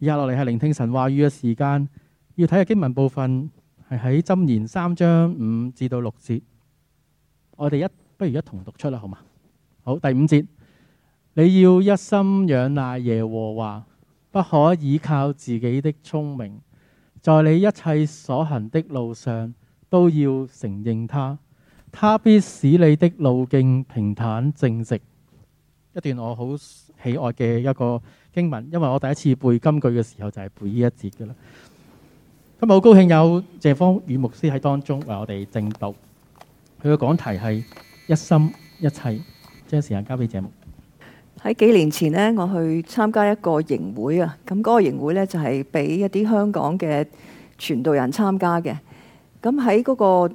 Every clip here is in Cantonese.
以下落嚟係聆聽神話語嘅時間，要睇下經文部分係喺箴言三章五至到六節，我哋一不如一同讀出啦，好嘛？好，第五節，你要一心仰賴耶和華，不可倚靠自己的聰明，在你一切所行的路上都要承認他，他必使你的路徑平坦正直。一段我好喜愛嘅一個。經文，因為我第一次背金句嘅時候就係背呢一節嘅啦。今日好高興有謝芳宇牧師喺當中為我哋正道。佢嘅講題係一心一切，將時間交俾謝牧。喺幾年前呢，我去參加一個營會啊，咁嗰個營會呢就係俾一啲香港嘅傳道人參加嘅。咁喺嗰個誒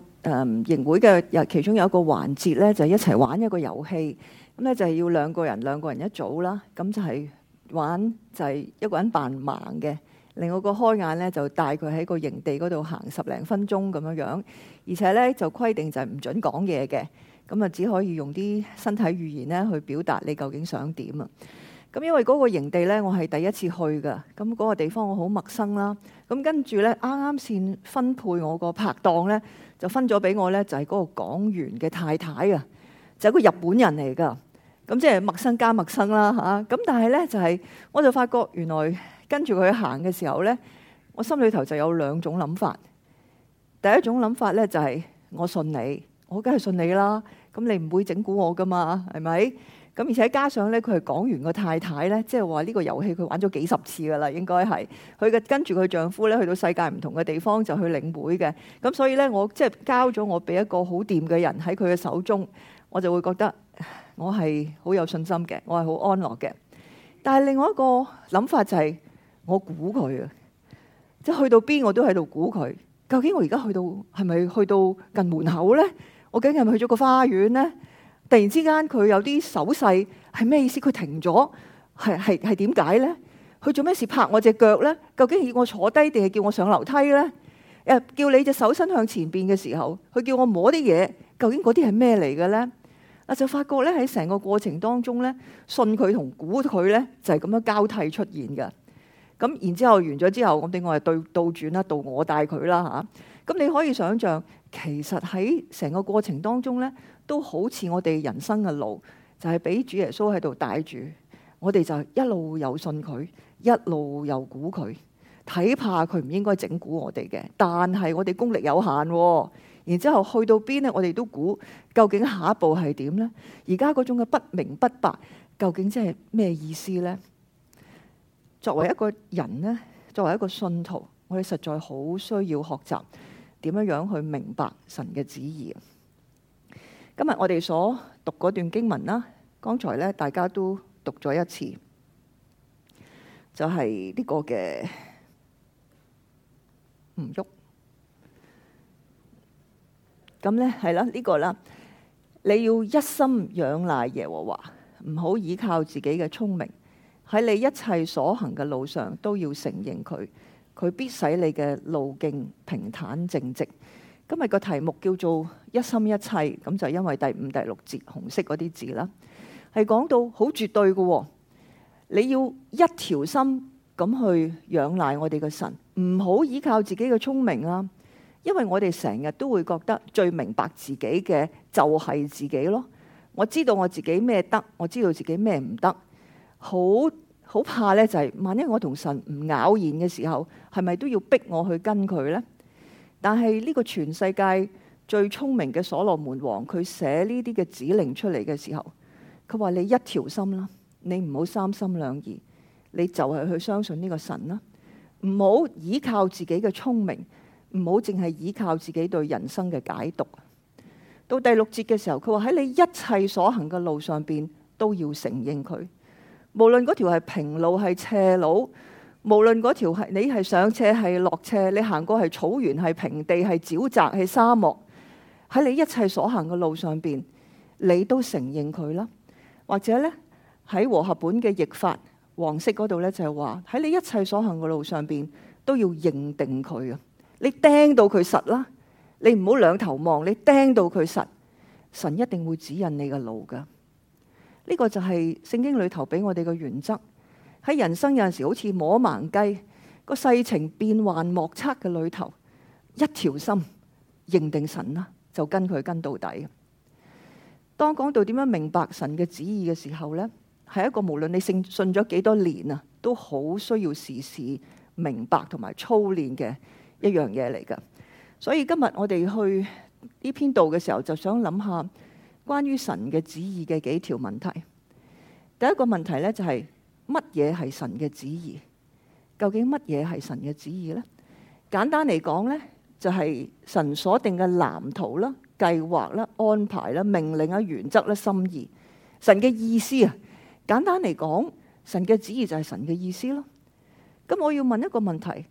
營會嘅有其中有一個環節呢，就係一齊玩一個遊戲。咁呢就係要兩個人兩個人一組啦，咁就係。玩就係、是、一個人扮盲嘅，另外個開眼咧就帶佢喺個營地嗰度行十零分鐘咁樣樣，而且咧就規定就係唔準講嘢嘅，咁啊只可以用啲身體語言咧去表達你究竟想點啊！咁因為嗰個營地咧我係第一次去㗎，咁、那、嗰個地方我好陌生啦。咁跟住咧啱啱先分配我個拍檔咧，就分咗俾我咧就係、是、嗰個講員嘅太太啊，就係、是、個日本人嚟㗎。咁即係陌生加陌生啦、啊、嚇，咁但係咧就係、是，我就發覺原來跟住佢行嘅時候咧，我心裏頭就有兩種諗法。第一種諗法咧就係、是、我信你，我梗係信你啦，咁你唔會整蠱我噶嘛，係咪？咁而且加上咧，佢係講完個太太咧，即係話呢個遊戲佢玩咗幾十次噶啦，應該係佢嘅跟住佢丈夫咧去到世界唔同嘅地方就去領會嘅。咁所以咧，我即係交咗我俾一個好掂嘅人喺佢嘅手中，我就會覺得。我係好有信心嘅，我係好安樂嘅。但係另外一個諗法就係、係，我估佢，即係去到邊我都喺度估佢。究竟我而家去到係咪去到近門口咧？我究竟係咪去咗個花園咧？突然之間佢有啲手勢係咩意思？佢停咗係係係點解咧？佢做咩事拍我隻腳咧？究竟係要我坐低定係叫我上樓梯咧？誒，叫你隻手伸向前邊嘅時候，佢叫我摸啲嘢，究竟嗰啲係咩嚟嘅咧？啊！我就發覺咧，喺成個過程當中咧，信佢同估佢咧就係咁樣交替出現嘅。咁然之後完咗之後，我哋我係對倒轉啦，到我帶佢啦嚇。咁你可以想象，其實喺成個過程當中咧，都好似我哋人生嘅路，就係俾主耶穌喺度帶住，我哋就一路又信佢，一路又估佢，睇怕佢唔應該整蠱我哋嘅。但係我哋功力有限喎。然之後去到邊呢？我哋都估究竟下一步係點呢？而家嗰種嘅不明不白，究竟即係咩意思呢？作為一個人呢，作為一個信徒，我哋實在好需要學習點樣樣去明白神嘅旨意。今日我哋所讀嗰段經文啦，剛才咧大家都讀咗一次，就係、是、呢個嘅唔郁咁咧係啦，呢個啦，你要一心仰賴耶和華，唔好依靠自己嘅聰明。喺你一切所行嘅路上，都要承認佢，佢必使你嘅路徑平坦正直。今日個題目叫做「一心一切」，咁就因為第五、第六節紅色嗰啲字啦，係講到好絕對嘅。你要一條心咁去仰賴我哋嘅神，唔好依靠自己嘅聰明啊！因為我哋成日都會覺得最明白自己嘅就係自己咯，我知道我自己咩得，我知道自己咩唔得，好好怕呢，就係萬一我同神唔咬然嘅時候，係咪都要逼我去跟佢呢？但係呢個全世界最聰明嘅所羅門王，佢寫呢啲嘅指令出嚟嘅時候，佢話你一條心啦，你唔好三心兩意，你就係去相信呢個神啦，唔好依靠自己嘅聰明。唔好淨係依靠自己對人生嘅解讀。到第六節嘅時候，佢話喺你一切所行嘅路上邊都要承認佢。無論嗰條係平路係斜路，無論嗰條係你係上斜係落斜，你行過係草原係平地係沼澤係沙漠，喺你一切所行嘅路上邊，你都承認佢啦。或者呢，喺和合本嘅譯法黃色嗰度呢，就係話喺你一切所行嘅路上邊都要認定佢啊。你盯到佢實啦，你唔好兩頭望，你盯到佢實，神一定會指引你嘅路噶。呢個就係聖經裏頭俾我哋嘅原則。喺人生有陣時好似摸盲雞，個世情變幻莫測嘅裏頭，一條心認定神啦，就跟佢跟到底。當講到點樣明白神嘅旨意嘅時候呢，係一個無論你信信咗幾多年啊，都好需要時時明白同埋操練嘅，一樣嘢嚟噶，所以今日我哋去呢篇道嘅時候，就想諗下關於神嘅旨意嘅幾條問題。第一個問題呢，就係乜嘢係神嘅旨意？究竟乜嘢係神嘅旨意呢？簡單嚟講呢，就係神所定嘅藍圖啦、計劃啦、安排啦、命令啊、原則啦、心意、神嘅意思啊。簡單嚟講，神嘅旨意就係神嘅意思咯。咁我要問一個問題。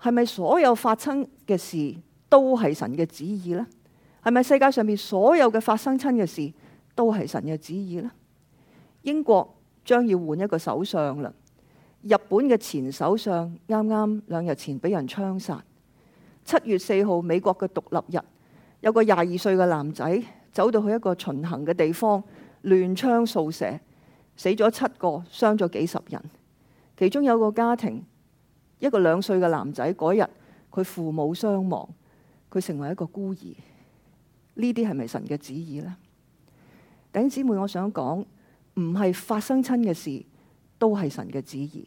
係咪所有發生嘅事都係神嘅旨意呢？係咪世界上面所有嘅發生親嘅事都係神嘅旨意呢？英國將要換一個首相啦。日本嘅前首相啱啱兩日前俾人槍殺。七月四號，美國嘅獨立日，有個廿二歲嘅男仔走到去一個巡行嘅地方亂槍掃射，死咗七個，傷咗幾十人。其中有個家庭。一個兩歲嘅男仔嗰日，佢父母傷亡，佢成為一個孤兒。呢啲係咪神嘅旨意呢？弟兄姊妹，我想講，唔係發生親嘅事，都係神嘅旨意。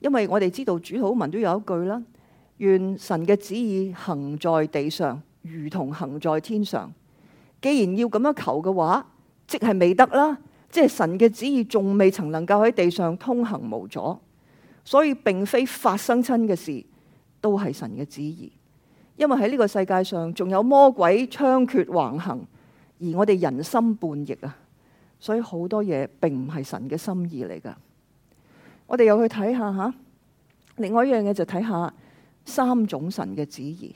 因為我哋知道主禱文都有一句啦，願神嘅旨意行在地上，如同行在天上。既然要咁樣求嘅話，即係未得啦，即係神嘅旨意仲未曾能夠喺地上通行無阻。所以並非發生親嘅事都係神嘅旨意，因為喺呢個世界上仲有魔鬼猖獗橫行，而我哋人心叛逆啊，所以好多嘢並唔係神嘅心意嚟㗎。我哋又去睇下吓，另外一樣嘢就睇下三種神嘅旨意，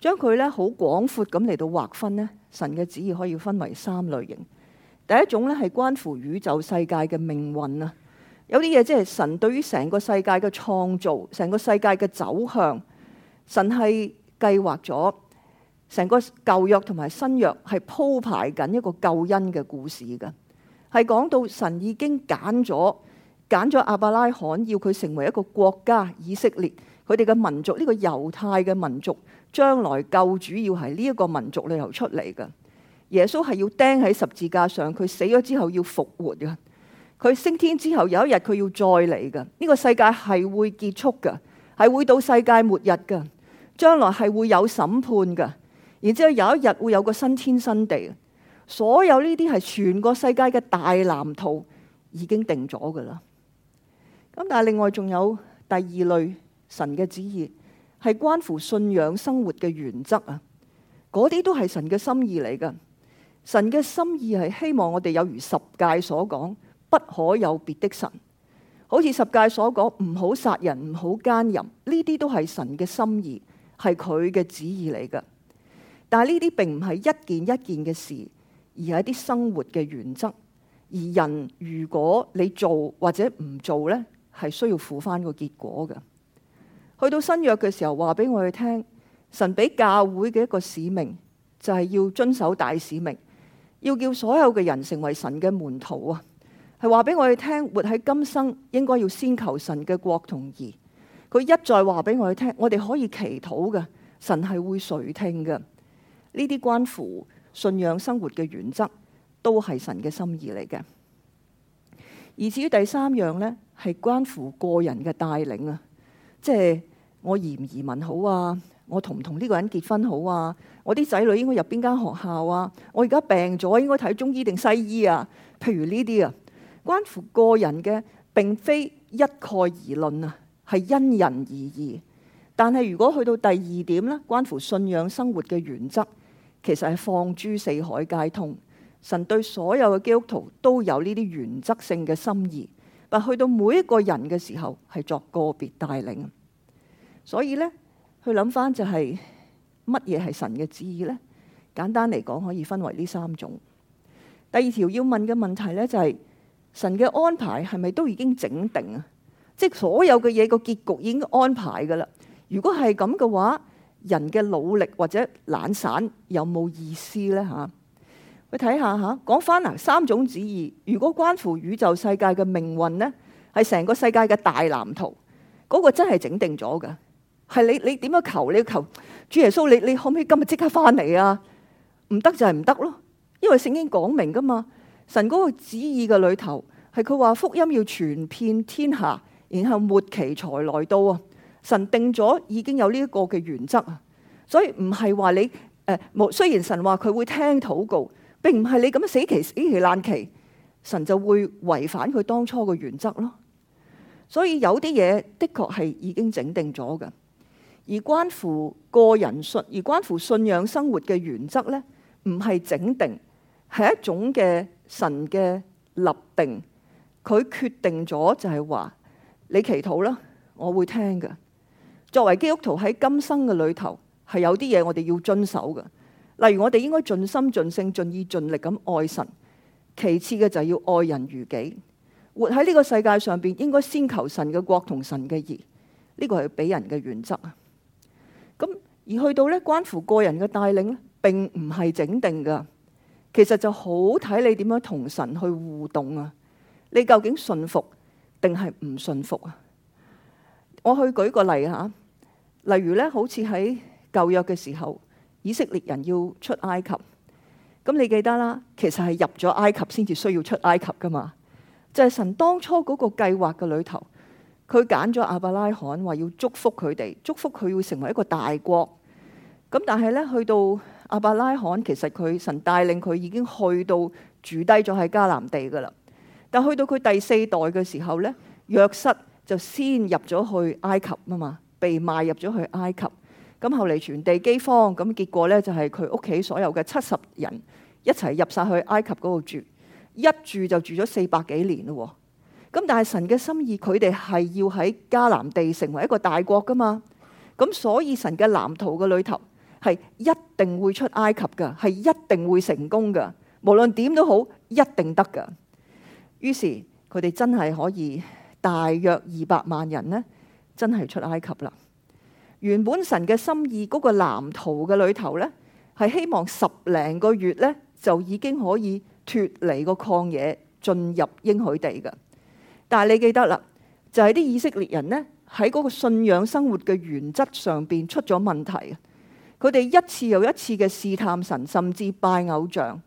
將佢咧好廣闊咁嚟到劃分，呢神嘅旨意可以分為三類型。第一種咧係關乎宇宙世界嘅命運啊。有啲嘢即係神對於成個世界嘅創造，成個世界嘅走向，神係計劃咗成個舊約同埋新約係鋪排緊一個救恩嘅故事噶，係講到神已經揀咗揀咗亞伯拉罕，要佢成為一個國家以色列，佢哋嘅民族呢個猶太嘅民族將來救主要係呢一個民族裏頭出嚟嘅，耶穌係要釘喺十字架上，佢死咗之後要復活嘅。佢升天之後有一日佢要再嚟嘅，呢、這個世界係會結束嘅，係會到世界末日嘅，將來係會有審判嘅，然之後有一日會有個新天新地，所有呢啲係全個世界嘅大藍圖已經定咗嘅啦。咁但係另外仲有第二類神嘅旨意係關乎信仰生活嘅原則啊，嗰啲都係神嘅心意嚟嘅。神嘅心意係希望我哋有如十誡所講。不可有別的神好像說。好似十誡所講，唔好殺人，唔好奸淫，呢啲都係神嘅心意，係佢嘅旨意嚟㗎。但係呢啲並唔係一件一件嘅事，而係一啲生活嘅原則。而人如果你做或者唔做呢，係需要付返個結果嘅。去到新約嘅時候，話俾我哋聽，神俾教會嘅一個使命就係、是、要遵守大使命，要叫所有嘅人成為神嘅門徒啊。係話俾我哋聽，活喺今生應該要先求神嘅國同義。佢一再話俾我哋聽，我哋可以祈禱嘅，神係會垂聽嘅。呢啲關乎信仰生活嘅原則，都係神嘅心意嚟嘅。而至於第三樣呢，係關乎個人嘅帶領啊，即係我移唔移民好啊，我同唔同呢個人結婚好啊，我啲仔女應該入邊間學校啊，我而家病咗應該睇中醫定西醫啊，譬如呢啲啊。關乎個人嘅，並非一概而論啊，係因人而異。但係如果去到第二點咧，關乎信仰生活嘅原則，其實係放諸四海皆通。神對所有嘅基督徒都有呢啲原則性嘅心意，但去到每一個人嘅時候係作個別帶領。所以咧，去諗翻就係乜嘢係神嘅旨意呢？簡單嚟講，可以分為呢三種。第二條要問嘅問題咧，就係。神嘅安排係咪都已經整定啊？即係所有嘅嘢個結局已經安排噶啦。如果係咁嘅話，人嘅努力或者懶散有冇意思呢？吓，去睇下吓。講翻嗱，三種旨意，如果關乎宇宙世界嘅命運呢，係成個世界嘅大藍圖。嗰個真係整定咗噶，係你你點樣求？你要求主耶穌，你你可唔可以今日即刻翻嚟啊？唔得就係唔得咯，因為聖經講明噶嘛。神嗰個旨意嘅裏頭，係佢話福音要傳遍天下，然後末期才來到啊！神定咗已經有呢一個嘅原則啊，所以唔係話你、呃、雖然神話佢會聽禱告，並唔係你咁樣死期死期爛期，神就會違反佢當初嘅原則咯。所以有啲嘢的確係已經整定咗嘅，而關乎個人信而關乎信仰生活嘅原則呢，唔係整定。係一種嘅神嘅立定，佢決定咗就係話你祈禱啦，我會聽嘅。作為基督徒喺今生嘅裏頭係有啲嘢我哋要遵守嘅，例如我哋應該盡心盡性盡意盡力咁愛神。其次嘅就係要愛人如己，活喺呢個世界上邊應該先求神嘅國同神嘅義。呢個係俾人嘅原則啊。咁而去到咧關乎個人嘅帶領咧，並唔係整定噶。其實就好睇你點樣同神去互動啊！你究竟信服定係唔信服啊？我去舉個例吓，啊，例如咧，好似喺舊約嘅時候，以色列人要出埃及，咁你記得啦，其實係入咗埃及先至需要出埃及噶嘛？就係神當初嗰個計劃嘅裏頭，佢揀咗阿伯拉罕話要祝福佢哋，祝福佢會成為一個大國。咁但係咧，去到阿伯拉罕其實佢神帶領佢已經去到住低咗喺迦南地噶啦，但去到佢第四代嘅時候呢，約瑟就先入咗去埃及啊嘛，被賣入咗去埃及。咁後嚟傳地饑荒，咁結果呢就係佢屋企所有嘅七十人一齊入晒去埃及嗰度住，一住就住咗四百幾年咯。咁但係神嘅心意，佢哋係要喺迦南地成為一個大國噶嘛。咁所以神嘅藍圖嘅裏頭，係一定會出埃及噶，係一定會成功噶。無論點都好，一定得噶。於是佢哋真係可以大約二百萬人咧，真係出埃及啦。原本神嘅心意嗰、那個藍圖嘅裏頭咧，係希望十零個月咧就已經可以脫離個曠野，進入應許地噶。但係你記得啦，就係、是、啲以色列人咧喺嗰個信仰生活嘅原則上邊出咗問題。佢哋一次又一次嘅試探神，甚至拜偶像，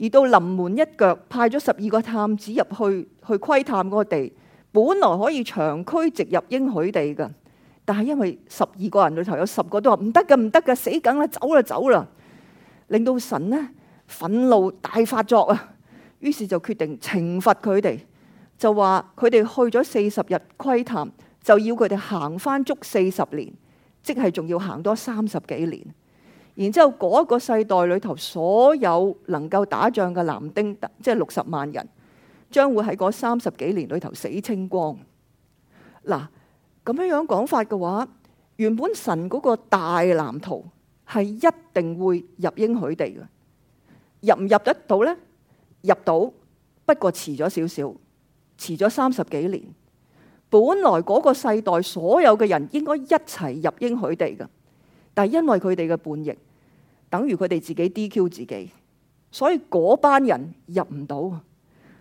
而到臨門一腳，派咗十二個探子入去去窺探個地。本來可以長驅直入應許地㗎，但係因為十二個人裏頭有十個都話唔得㗎，唔得㗎，死梗啦，走啦走啦，令到神呢憤怒大發作啊！於是就決定懲罰佢哋，就話佢哋去咗四十日窺探，就要佢哋行翻足四十年。即係仲要行多三十幾年，然之後嗰個世代裏頭所有能夠打仗嘅男丁，即係六十萬人，將會喺嗰三十幾年裏頭死清光。嗱，咁樣樣講法嘅話，原本神嗰個大藍圖係一定會入應許地嘅，入唔入得到呢？入到，不過遲咗少少，遲咗三十幾年。本來嗰個世代所有嘅人應該一齊入英許地嘅，但係因為佢哋嘅叛逆，等於佢哋自己 DQ 自己，所以嗰班人入唔到。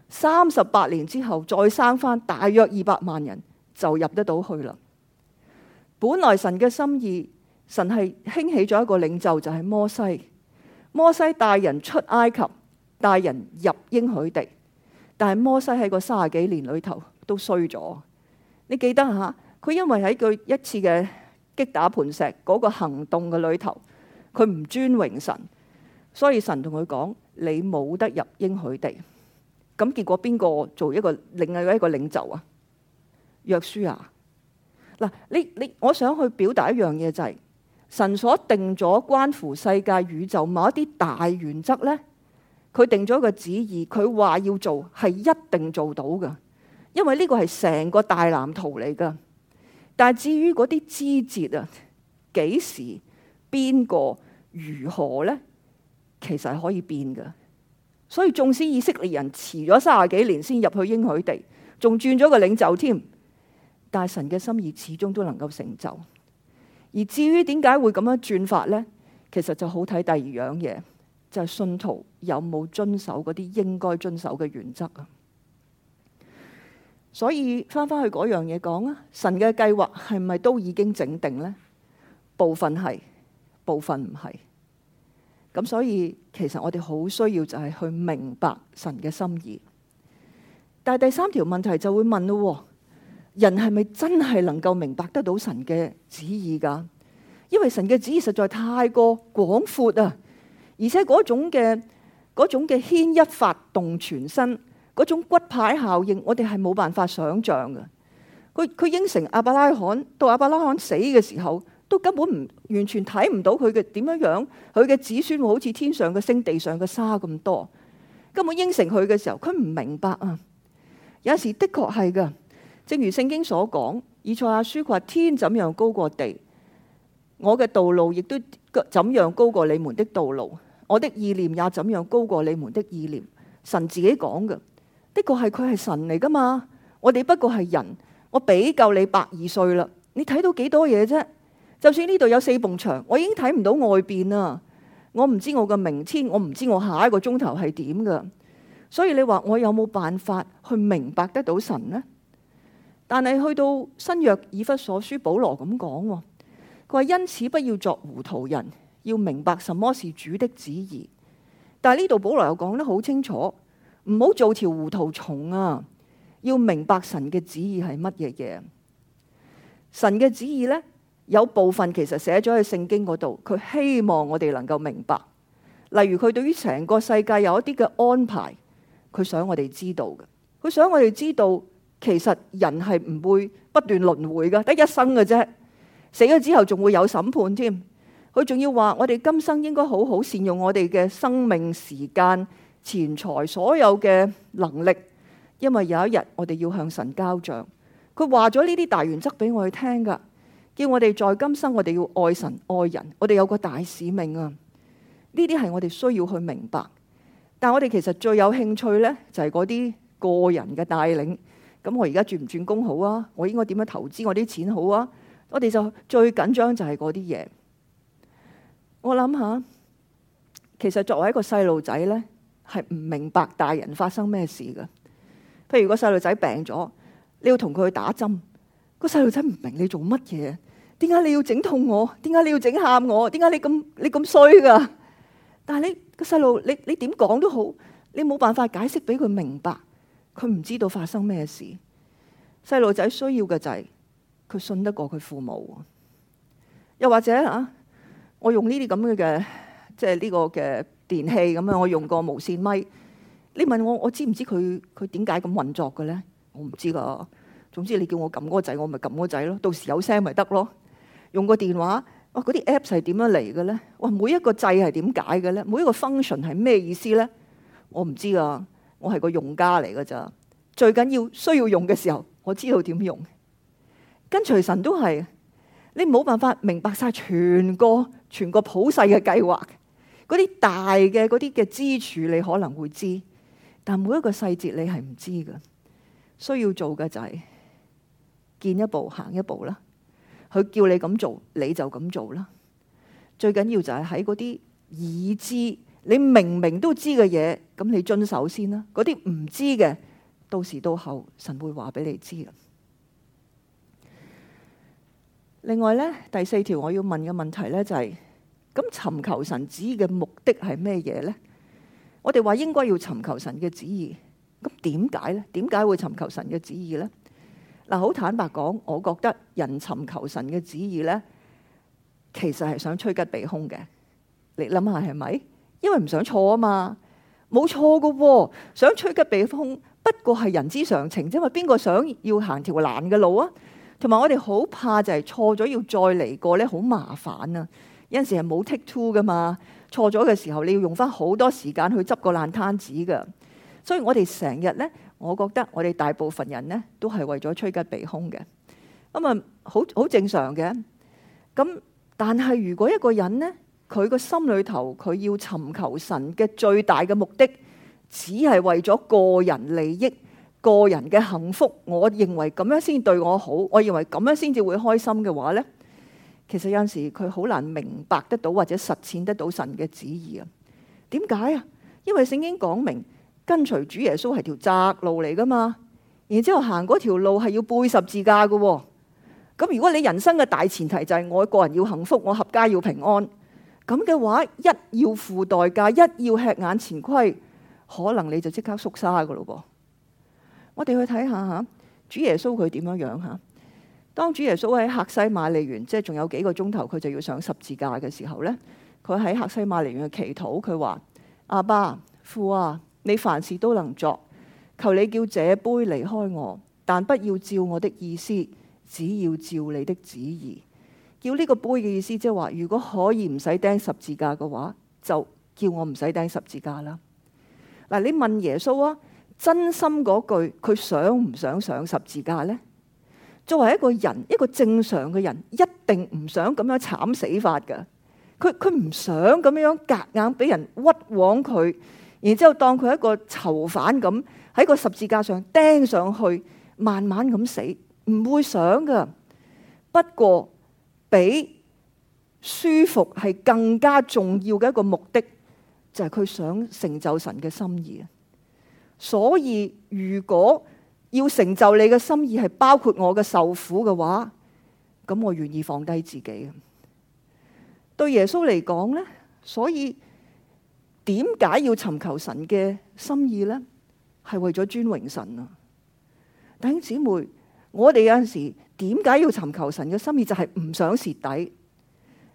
三十八年之後，再生翻大約二百萬人就入得到去啦。本來神嘅心意，神係興起咗一個領袖就係摩西，摩西帶人出埃及，帶人入英許地，但係摩西喺個三十幾年裏頭都衰咗。你記得吓，佢因為喺佢一次嘅擊打磐石嗰、那個行動嘅裏頭，佢唔尊榮神，所以神同佢講：你冇得入應許地。咁結果邊個做一個領一個領袖啊？約書亞！嗱，你你我想去表達一樣嘢就係、是、神所定咗關乎世界宇宙某一啲大原則呢，佢定咗一個旨意，佢話要做係一定做到嘅。因為呢個係成個大藍圖嚟噶，但係至於嗰啲枝節啊，幾時、邊個、如何呢？其實係可以變噶。所以縱使以色列人遲咗三十幾年先入去應許地，仲轉咗個領袖添，但神嘅心意始終都能夠成就。而至於點解會咁樣轉法呢？其實就好睇第二樣嘢，就係、是、信徒有冇遵守嗰啲應該遵守嘅原則啊。所以翻翻去嗰樣嘢講啊，神嘅計劃係咪都已經整定呢？部分係，部分唔係。咁所以其實我哋好需要就係去明白神嘅心意。但係第三條問題就會問咯：人係咪真係能夠明白得到神嘅旨意噶？因為神嘅旨意實在太過廣闊啊，而且嗰種嘅嗰種嘅牽一髮動全身。.嗰種骨牌效應，我哋係冇辦法想象㗎。佢佢應承亞伯拉罕，到亞伯拉罕死嘅時候，都根本唔完全睇唔到佢嘅點樣樣，佢嘅子孫會好似天上嘅星、地上嘅沙咁多。根本應承佢嘅時候，佢唔明白啊！有時的確係㗎。正如聖經所講，《以賽亞書》話：天怎樣高過地，我嘅道路亦都怎樣高過你們的道路，我的意念也怎樣高過你們的意念。神自己講嘅。的確係佢係神嚟噶嘛？我哋不過係人。我比夠你百二歲啦，你睇到幾多嘢啫？就算呢度有四埲牆，我已經睇唔到外邊啦。我唔知道我嘅明天，我唔知道我下一個鐘頭係點噶。所以你話我有冇辦法去明白得到神呢？但係去到新約以弗所書保羅咁講，佢話因此不要作糊塗人，要明白什麼是主的旨意。但係呢度保羅又講得好清楚。唔好做條糊塗蟲啊！要明白神嘅旨意係乜嘢嘢。神嘅旨意呢，有部分其實寫咗喺聖經嗰度。佢希望我哋能夠明白，例如佢對於成個世界有一啲嘅安排，佢想我哋知道嘅。佢想我哋知道，其實人係唔會不斷輪迴噶，得一生嘅啫。死咗之後仲會有審判添。佢仲要話我哋今生應該好好善用我哋嘅生命時間、錢財所有嘅能力，因為有一日我哋要向神交賬。佢話咗呢啲大原則俾我哋聽㗎，叫我哋在今生我哋要愛神愛人，我哋有個大使命啊！呢啲係我哋需要去明白。但我哋其實最有興趣呢，就係嗰啲個人嘅帶領。咁我而家轉唔轉工好啊？我應該點樣投資我啲錢好啊？我哋就最緊張就係嗰啲嘢。我諗下，其實作為一個細路仔呢。係唔明白大人發生咩事噶？譬如個細路仔病咗，你要同佢去打針。個細路仔唔明你做乜嘢，點解你要整痛我？點解你要整喊我？點解你咁你咁衰噶？但係你個細路，你你點講都好，你冇辦法解釋俾佢明白，佢唔知道發生咩事。細路仔需要嘅就係佢信得過佢父母。又或者啊，我用呢啲咁嘅嘅，即係呢個嘅。電器咁樣，我用個無線咪。你問我，我知唔知佢佢點解咁運作嘅咧？我唔知㗎。總之你叫我撳嗰個掣，我咪撳嗰個掣咯。到時有聲咪得咯。用個電話，哇、哦！嗰啲 Apps 係點樣嚟嘅咧？哇、哦！每一個掣係點解嘅咧？每一個 function 係咩意思咧？我唔知啊。我係個用家嚟㗎咋。最緊要需要用嘅時候，我知道點用。跟隨神都係，你冇辦法明白晒全個全個普世嘅計劃。嗰啲大嘅嗰啲嘅支柱你可能會知，但每一個細節你係唔知嘅。需要做嘅就係、是，見一步行一步啦。佢叫你咁做，你就咁做啦。最緊要就係喺嗰啲已知，你明明都知嘅嘢，咁你遵守先啦。嗰啲唔知嘅，到時到後神會話俾你知嘅。另外呢，第四條我要問嘅問題呢、就是，就係。咁尋求神旨意嘅目的係咩嘢呢？我哋話應該要尋求神嘅旨意，咁點解呢？點解會尋求神嘅旨意呢？嗱，好坦白講，我覺得人尋求神嘅旨意呢，其實係想趨吉避凶嘅。你諗下係咪？因為唔想錯啊嘛，冇錯嘅，想趨吉避凶，不過係人之常情啫嘛，邊個想要行條難嘅路啊？同埋我哋好怕就係錯咗要再嚟過呢，好麻煩啊！有陣時係冇 take two 㗎嘛，錯咗嘅時候你要用返好多時間去執個爛攤子㗎，所以我哋成日咧，我覺得我哋大部分人咧都係為咗趨吉避凶嘅，咁啊好好正常嘅。咁但係如果一個人咧，佢個心裏頭佢要尋求神嘅最大嘅目的，只係為咗個人利益、個人嘅幸福，我認為咁樣先對我好，我認為咁樣先至會開心嘅話咧。其實有陣時佢好難明白得到或者實踐得到神嘅旨意啊？點解啊？因為聖經講明跟隨主耶穌係條窄路嚟噶嘛，然之後行嗰條路係要背十字架噶。咁如果你人生嘅大前提就係、是、我個人要幸福，我合家要平安，咁嘅話一要付代價，一要吃眼前虧，可能你就即刻縮沙噶咯噃。我哋去睇下吓，主耶穌佢點樣樣吓？當主耶穌喺客西馬尼園，即係仲有幾個鐘頭佢就要上十字架嘅時候呢，佢喺客西馬尼園嘅祈禱，佢話：阿爸父啊，你凡事都能作，求你叫這杯離開我，但不要照我的意思，只要照你的旨意。叫呢個杯嘅意思就是說，即係話如果可以唔使釘十字架嘅話，就叫我唔使釘十字架啦。嗱，你問耶穌啊，真心嗰句，佢想唔想上十字架呢？作為一個人，一個正常嘅人，一定唔想咁樣慘死法㗎。佢佢唔想咁樣夾硬俾人屈枉佢，然之後當佢一個囚犯咁喺個十字架上釘上去，慢慢咁死，唔會想㗎。不過比舒服係更加重要嘅一個目的，就係、是、佢想成就神嘅心意啊。所以如果要成就你嘅心意係包括我嘅受苦嘅話，咁我願意放低自己，對耶穌嚟講呢，所以點解要尋求神嘅心意呢？係為咗尊榮神啊！弟兄姊妹，我哋有陣時點解要尋求神嘅心意？就係唔想蝕底。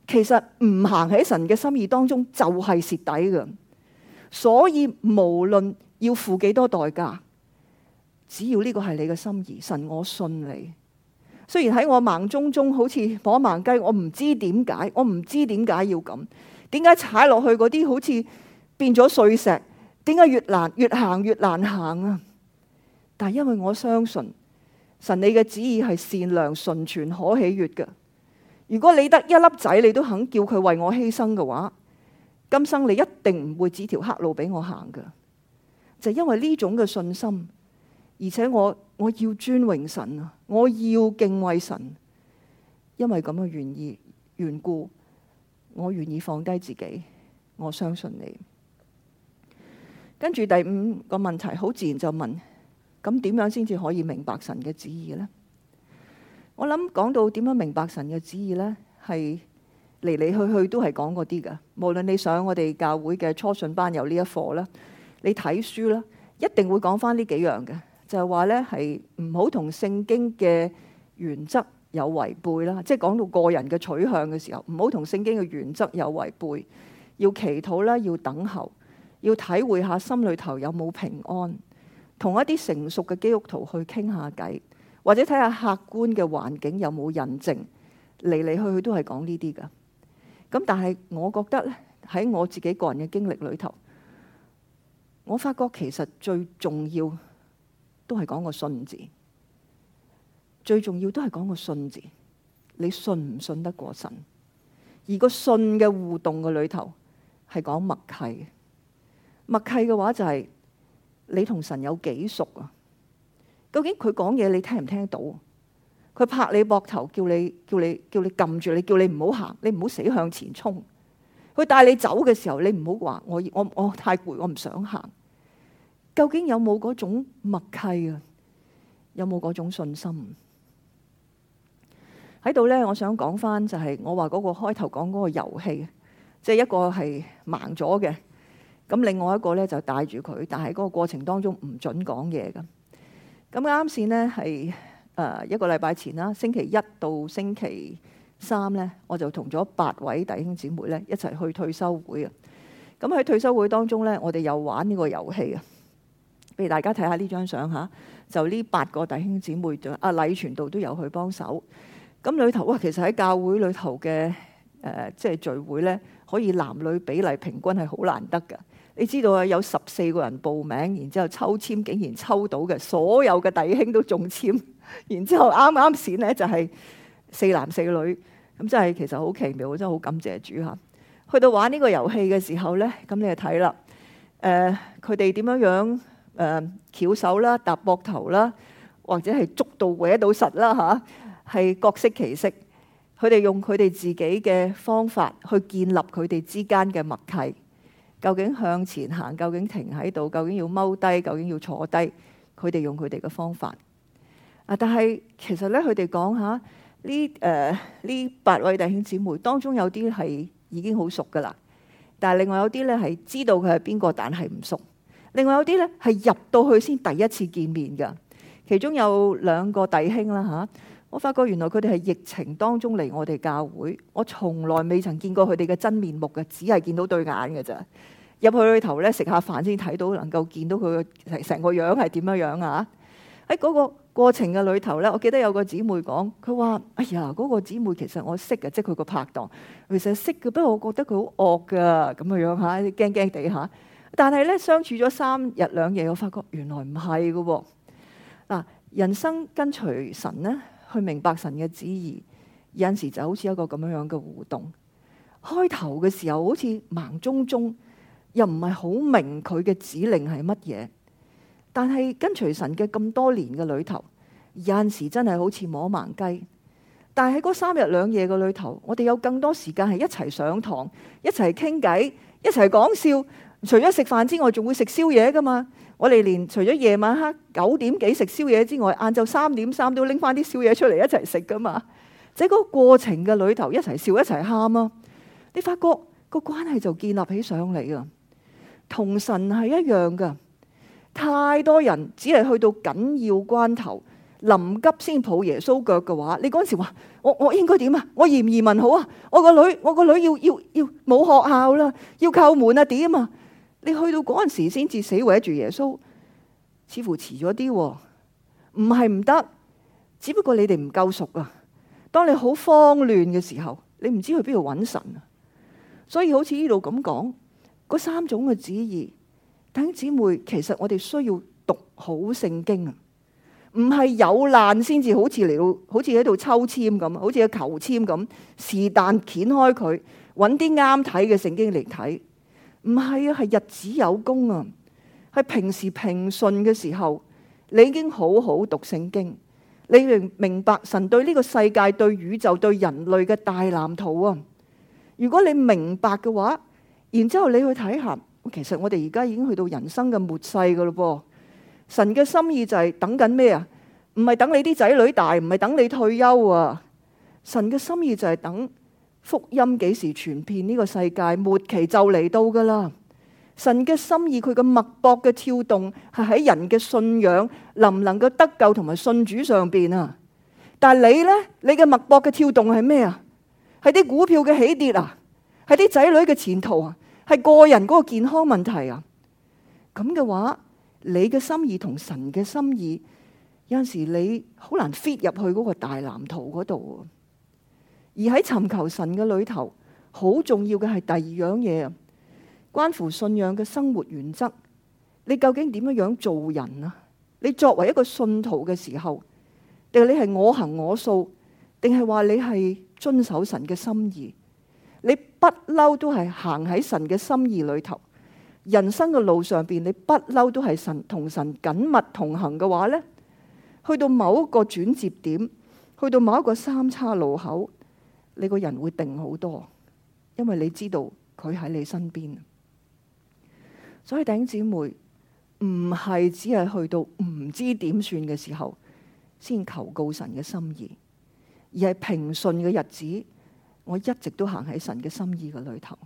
其實唔行喺神嘅心意當中就係蝕底嘅，所以無論要付幾多代價。只要呢個係你嘅心意，神我信你。雖然喺我盲中中好似火盲雞，我唔知點解，我唔知點解要咁，點解踩落去嗰啲好似變咗碎石，點解越難越行越難行啊！但係因為我相信神，你嘅旨意係善良、純全、可喜悅嘅。如果你得一粒仔，你都肯叫佢為我犧牲嘅話，今生你一定唔會指條黑路俾我行嘅。就因為呢種嘅信心。而且我我要尊榮神啊，我要敬畏神，因為咁嘅原意緣故，我願意放低自己。我相信你。跟住第五個問題，好自然就問咁點樣先至可以明白神嘅旨意呢？我諗講到點樣明白神嘅旨意呢？係嚟嚟去去都係講嗰啲噶。無論你上我哋教會嘅初信班有呢一課啦，你睇書啦，一定會講翻呢幾樣嘅。就係話咧，係唔好同聖經嘅原則有違背啦。即係講到個人嘅取向嘅時候，唔好同聖經嘅原則有違背。要祈禱啦，要等候，要體會下心裏頭有冇平安，同一啲成熟嘅基督徒去傾下偈，或者睇下客觀嘅環境有冇印證。嚟嚟去去都係講呢啲㗎。咁但係我覺得咧，喺我自己個人嘅經歷裏頭，我發覺其實最重要。都係講個信字，最重要都係講個信字。你信唔信得過神？而個信嘅互動嘅裏頭，係講默契嘅。默契嘅話就係你同神有幾熟啊？究竟佢講嘢你聽唔聽到？佢拍你膊頭，叫你叫你叫你撳住你，叫你唔好行，你唔好死向前衝。佢帶你走嘅時候，你唔好話我我我太攰，我唔想行。究竟有冇嗰種默契啊？有冇嗰種信心喺度呢，我想講翻就係我話嗰個開頭講嗰個遊戲，即係一個係盲咗嘅，咁另外一個呢，就帶住佢，但係嗰個過程當中唔準講嘢嘅。咁啱先呢係誒一個禮拜前啦，星期一到星期三呢，我就同咗八位弟兄姊妹呢一齊去退休會啊。咁喺退休會當中呢，我哋又玩呢個遊戲啊。俾大家睇下呢張相嚇，就呢八個弟兄姊妹，就阿、啊、禮全道都有去幫手。咁裏頭哇，其實喺教會裏頭嘅誒，即、呃、係、就是、聚會咧，可以男女比例平均係好難得㗎。你知道啊，有十四個人報名，然之後抽籤竟然抽到嘅，所有嘅弟兄都中籤。然之後啱啱選咧就係、是、四男四女，咁真係其實好奇妙，真係好感謝主嚇。去到玩呢個遊戲嘅時候咧，咁你就睇啦，誒佢哋點樣樣？誒翹、呃、手啦，搭膊頭啦，或者係捉到搲到實啦吓，係、啊、各色其色。佢哋用佢哋自己嘅方法去建立佢哋之間嘅默契。究竟向前行，究竟停喺度，究竟要踎低，究竟要坐低，佢哋用佢哋嘅方法。啊！但係其實咧，佢哋講下呢誒呢八位弟兄姊妹當中有啲係已經好熟㗎喇，但係另外有啲咧係知道佢係邊個，但係唔熟。另外有啲咧係入到去先第一次見面噶，其中有兩個弟兄啦吓、啊，我發覺原來佢哋係疫情當中嚟我哋教會，我從來未曾見過佢哋嘅真面目嘅，只係見到對眼㗎咋。入去裏頭咧食下飯先睇到，能夠見到佢嘅成成個樣係點樣樣啊！喺、那、嗰個過程嘅裏頭咧，我記得有個姊妹講，佢話：哎呀，嗰、那個姊妹其實我識嘅，即係佢個拍檔，其實識嘅，不過我覺得佢好惡噶咁嘅樣吓，驚驚地嚇。啊。但係咧，相處咗三日兩夜，我發覺原來唔係噶。嗱，人生跟隨神咧，去明白神嘅旨意，有陣時就好似一個咁樣嘅互動。開頭嘅時候好似盲中中，又唔係好明佢嘅指令係乜嘢。但係跟隨神嘅咁多年嘅裏頭，有陣時真係好似摸盲雞。但係喺嗰三日兩夜嘅裏頭，我哋有更多時間係一齊上堂，一齊傾偈，一齊講笑。除咗食飯之外，仲會食宵夜噶嘛？我哋連除咗夜晚黑九點幾食宵夜之外，晏晝三點三都拎翻啲宵夜出嚟一齊食噶嘛？喺嗰個過程嘅裏頭一齊笑，一齊喊啊！你發覺個關係就建立起上嚟噶，同神係一樣噶。太多人只係去到緊要關頭臨急先抱耶穌腳嘅話，你嗰時話，我我應該點啊？我移唔移民好啊？我個女我個女要要要冇學校啦，要叩門啊，點啊？你去到嗰陣時先至死握住耶穌，似乎遲咗啲，唔係唔得，只不過你哋唔夠熟啊。當你好慌亂嘅時候，你唔知道去邊度揾神啊。所以好似呢度咁講，嗰三種嘅旨意，弟兄姊妹，其實我哋需要讀好聖經啊，唔係有難先至好似嚟到，好似喺度抽籤咁，好似嘅求籤咁，是但掀開佢，揾啲啱睇嘅聖經嚟睇。唔係啊，係日子有功啊，係平時平順嘅時候，你已經好好讀聖經，你明明白神對呢個世界、對宇宙、對人類嘅大藍圖啊！如果你明白嘅話，然之後你去睇下，其實我哋而家已經去到人生嘅末世㗎喇噃。神嘅心意就係等緊咩啊？唔係等你啲仔女大，唔係等你退休啊！神嘅心意就係等。福音幾時傳遍呢個世界？末期就嚟到噶啦！神嘅心意，佢嘅脈搏嘅跳動，係喺人嘅信仰能唔能夠得救同埋信主上邊啊！但係你呢？你嘅脈搏嘅跳動係咩啊？係啲股票嘅起跌啊？係啲仔女嘅前途啊？係個人嗰個健康問題啊？咁嘅話，你嘅心意同神嘅心意，有陣時你好難 fit 入去嗰個大藍圖嗰度。而喺尋求神嘅裏頭，好重要嘅係第二樣嘢啊，關乎信仰嘅生活原則。你究竟點樣樣做人啊？你作為一個信徒嘅時候，定係你係我行我素，定係話你係遵守神嘅心意？你不嬲都係行喺神嘅心意裏頭。人生嘅路上邊，你不嬲都係神同神緊密同行嘅話呢，去到某一個轉折點，去到某一個三叉路口。你個人會定好多，因為你知道佢喺你身邊。所以頂姊妹唔係只係去到唔知點算嘅時候，先求告神嘅心意，而係平順嘅日子，我一直都行喺神嘅心意嘅裏頭。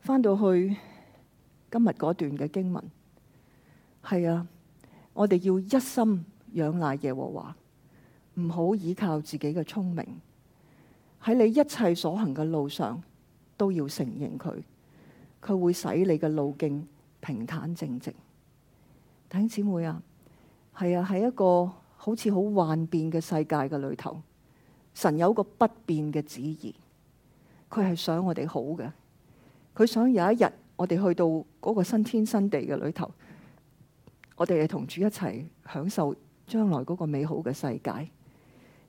返到去今日嗰段嘅經文，係啊，我哋要一心仰賴耶和華。唔好依靠自己嘅聰明，喺你一切所行嘅路上都要承認佢，佢會使你嘅路徑平坦正直。弟兄姊妹啊，係啊，喺一個好似好幻變嘅世界嘅裏頭，神有個不變嘅旨意，佢係想我哋好嘅，佢想有一日我哋去到嗰個新天新地嘅裏頭，我哋同主一齊享受將來嗰個美好嘅世界。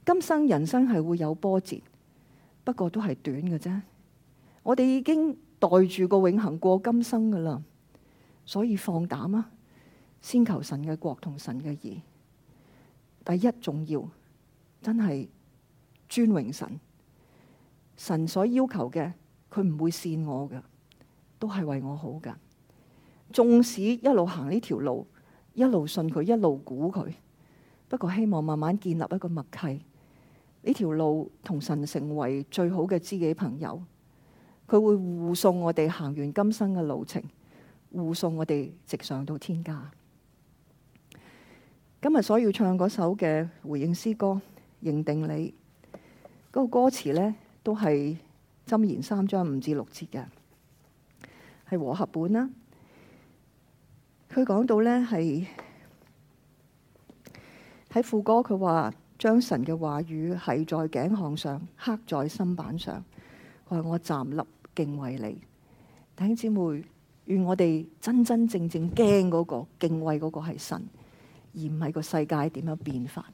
今生人生係會有波折，不過都係短嘅啫。我哋已經袋住個永恆過今生噶啦，所以放膽啊！先求神嘅國同神嘅義，第一重要。真係尊榮神，神所要求嘅，佢唔會善我噶，都係為我好噶。縱使一路行呢條路，一路信佢，一路估佢，不過希望慢慢建立一個默契。呢條路同神成為最好嘅知己朋友，佢會護送我哋行完今生嘅路程，護送我哋直上到天家。今日所要唱嗰首嘅回應詩歌，認定你嗰個歌詞呢，都係箴言三章五至六節嘅，係和合本啦。佢講到呢，係喺副歌，佢話。將神嘅話語係在頸項上刻在心板上，佢話我站立敬畏你。弟兄姊妹，願我哋真真正正驚嗰個敬畏嗰個係神，而唔係個世界點樣變化。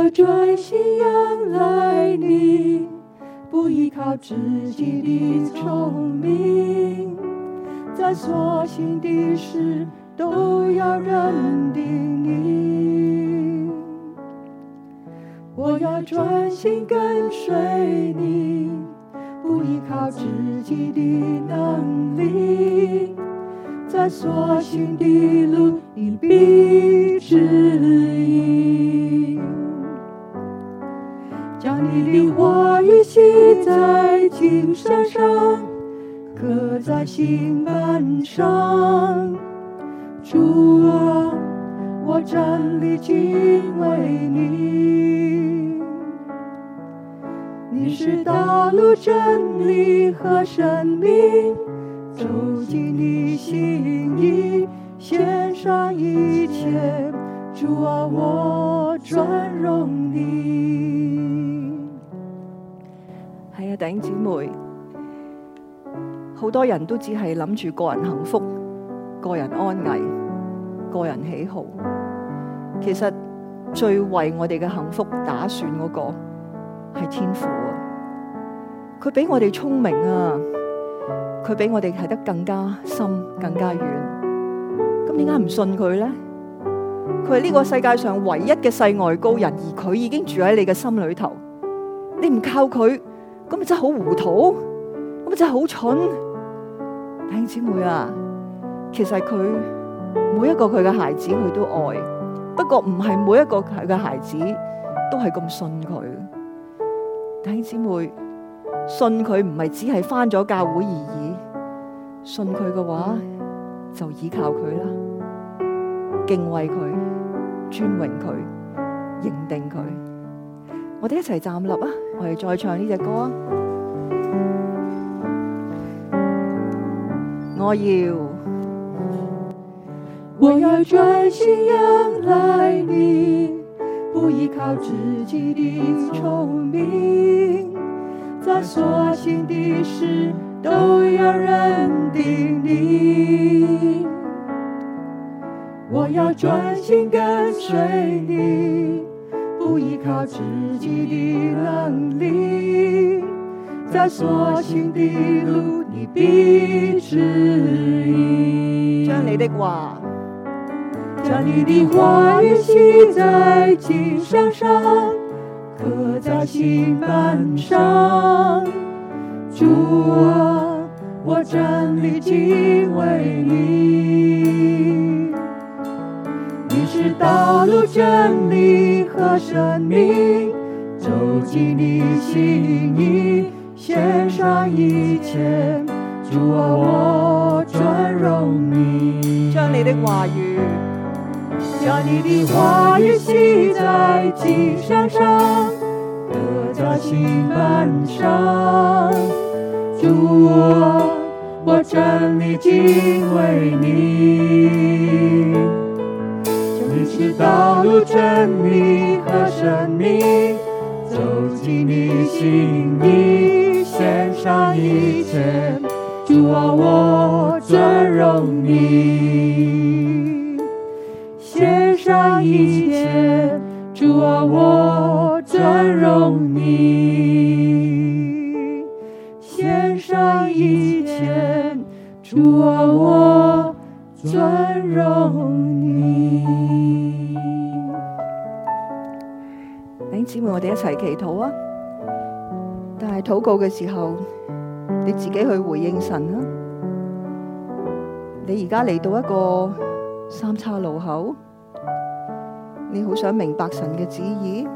我要專心仰賴你，不依靠自己的聰明，在所行的事都要認定你。我要專心跟隨你，不依靠自己的能力，在所行的路你必指。在心門上，主啊，我站立敬拜你，你是道路真理和生命，走進你心意，獻上一切，主啊，我尊榮你。嗨呀，弟兄姊好多人都只係諗住個人幸福、個人安危、個人喜好。其實最為我哋嘅幸福打算嗰個係天父啊！佢比我哋聰明啊！佢比我哋睇得更加深、更加遠。咁點解唔信佢咧？佢係呢個世界上唯一嘅世外高人，而佢已經住喺你嘅心裏頭。你唔靠佢，咁咪真係好糊塗，咁咪真係好蠢。弟兄姊妹啊，其實佢每一個佢嘅孩子佢都愛，不過唔係每一個佢嘅孩子都係咁信佢。弟兄姊妹，信佢唔係只係返咗教會而已，信佢嘅話就依靠佢啦，敬畏佢，尊榮佢，認定佢。我哋一齊站立啊！我哋再唱呢隻歌啊！我要，oh, 我要專心仰賴你，不依靠自己的聰明，在所行的事都要認定你。我要專心跟隨你，不依靠自己的能力，在所行的路。將你的話，將你的話語繫在經上，上刻在心板上。主啊，我站立敬拜你，你是道路、真理和生命，走進你心裡，獻上一切。主啊，我尊榮你，將你的話語將你的話語寫在心上，上，刻在心版上。主啊，我真理敬畏你，你是道，道路真理和生命，走進你心裏，獻上一切。主啊，我尊榮你，獻上一切；主啊，我尊榮你，獻上一切；主啊，我尊榮你。弟兄姊妹，我哋一齊祈禱啊！但係禱告嘅時候。你自己去回應神啦。你而家嚟到一個三叉路口，你好想明白神嘅旨意，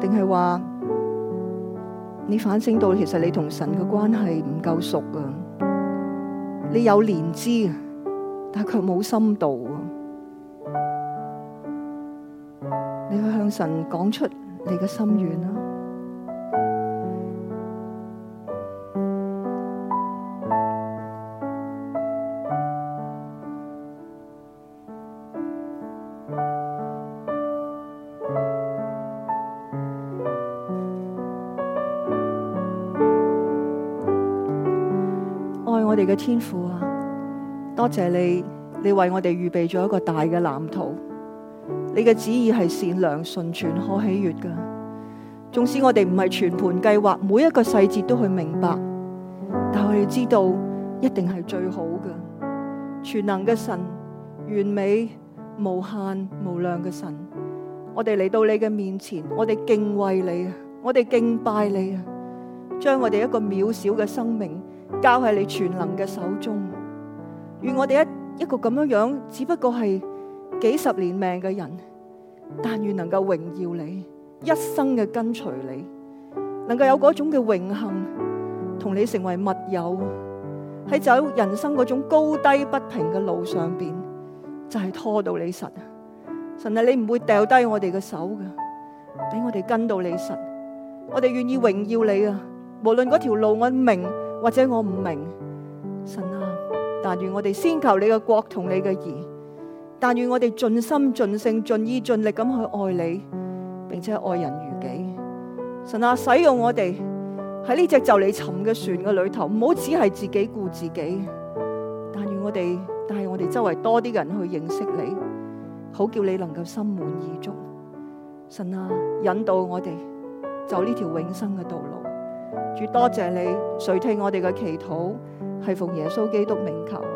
定係話你反省到其實你同神嘅關係唔夠熟啊？你有連知，但係佢冇深度啊。你去向神講出你嘅心願啦。嘅天父啊，多謝你，你為我哋預備咗一個大嘅藍圖。你嘅旨意係善良、純全、可喜悅噶。縱使我哋唔係全盤計劃，每一個細節都去明白，但係我哋知道一定係最好嘅。全能嘅神，完美、無限、無量嘅神，我哋嚟到你嘅面前，我哋敬畏你啊，我哋敬拜你啊，將我哋一個渺小嘅生命。交喺你全能嘅手中，願我哋一一個咁樣樣，只不過係幾十年命嘅人，但願能夠榮耀你，一生嘅跟隨你，能夠有嗰種嘅榮幸同你成為密友，喺走人生嗰種高低不平嘅路上邊，就係拖到你實，神啊，你唔會掉低我哋嘅手嘅，俾我哋跟到你實，我哋願意榮耀你啊！無論嗰條路，我明，或者我唔明，神啊！但願我哋先求你嘅國同你嘅義，但願我哋盡心盡性盡意盡力咁去愛你，並且愛人如己。神啊，使用我哋喺呢隻就嚟沉嘅船嘅裏頭，唔好只係自己顧自己。但願我哋帶我哋周圍多啲人去認識你，好叫你能夠心滿意足。神啊，引導我哋走呢條永生嘅道路。主，多謝你垂聽我哋嘅祈禱，係奉耶穌基督名求。